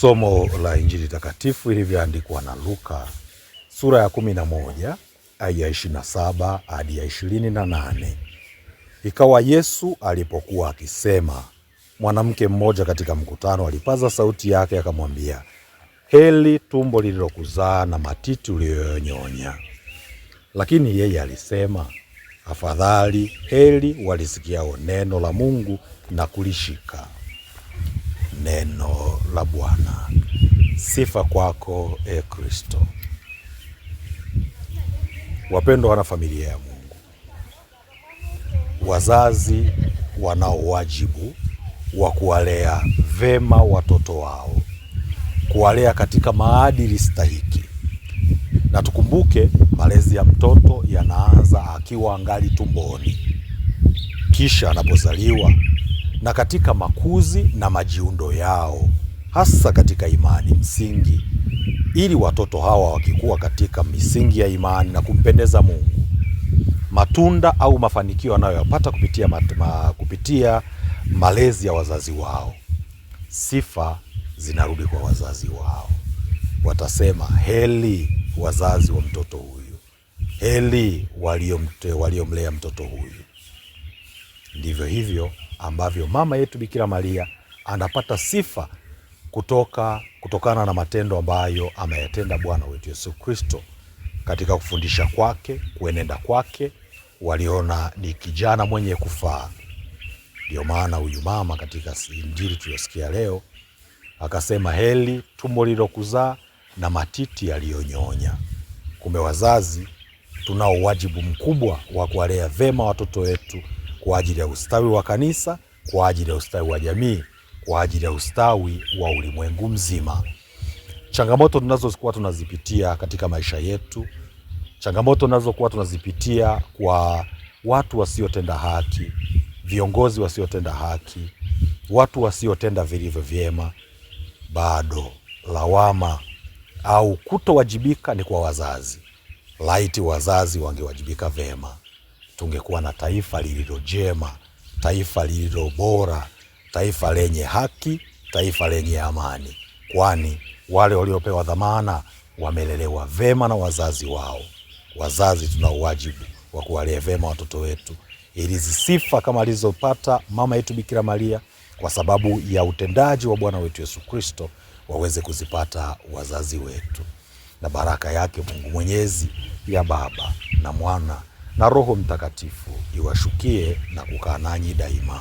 Somo la Injili takatifu ilivyoandikwa na Luka sura ya kumi na moja aya ya ishirini na saba hadi ya ishirini na nane. Ikawa Yesu alipokuwa akisema, mwanamke mmoja katika mkutano alipaza sauti yake akamwambia, heli tumbo lililokuzaa na matiti uliyonyonya. Lakini yeye alisema, afadhali heli walisikiao neno la Mungu na kulishika neno la Bwana. Sifa kwako e Kristo. Wapendwa wana familia ya Mungu, wazazi wanao wajibu wa kuwalea vema watoto wao, kuwalea katika maadili stahiki, na tukumbuke malezi ya mtoto yanaanza akiwa angali tumboni, kisha anapozaliwa na katika makuzi na majiundo yao, hasa katika imani msingi, ili watoto hawa wakikuwa katika misingi ya imani na kumpendeza Mungu, matunda au mafanikio wanayoyapata kupitia, ma, kupitia malezi ya wazazi wao, sifa zinarudi kwa wazazi wao. Watasema heli wazazi wa mtoto huyu, heli waliomlea mtoto huyu. Ndivyo hivyo ambavyo mama yetu Bikira Maria anapata sifa kutoka kutokana na matendo ambayo ameyatenda Bwana wetu Yesu Kristo katika kufundisha kwake, kuenenda kwake, waliona ni kijana mwenye kufaa. Ndio maana huyu mama katika Injili tuliyosikia leo akasema, heli tumbo lililokuzaa na matiti yaliyonyonya. Kumbe wazazi tunao wajibu mkubwa wa kuwalea vema watoto wetu kwa ajili ya ustawi wa kanisa, kwa ajili ya ustawi wa jamii, kwa ajili ya ustawi wa ulimwengu mzima. Changamoto tunazokuwa tunazipitia katika maisha yetu, changamoto tunazokuwa tunazipitia kwa watu wasiotenda haki, viongozi wasiotenda haki, watu wasiotenda vilivyo vyema, bado lawama au kutowajibika ni kwa wazazi. Laiti wazazi wangewajibika vyema tungekuwa na taifa lililojema, taifa lililo bora, taifa lenye haki, taifa lenye amani, kwani wale waliopewa dhamana wamelelewa vema na wazazi wao. Wazazi tuna uwajibu wa kuwalea vema watoto wetu, ili zisifa kama alizopata mama yetu Bikira Maria kwa sababu ya utendaji wa Bwana wetu Yesu Kristo waweze kuzipata wazazi wetu, na baraka yake Mungu Mwenyezi ya Baba na Mwana na Roho Mtakatifu iwashukie na kukaa nanyi daima.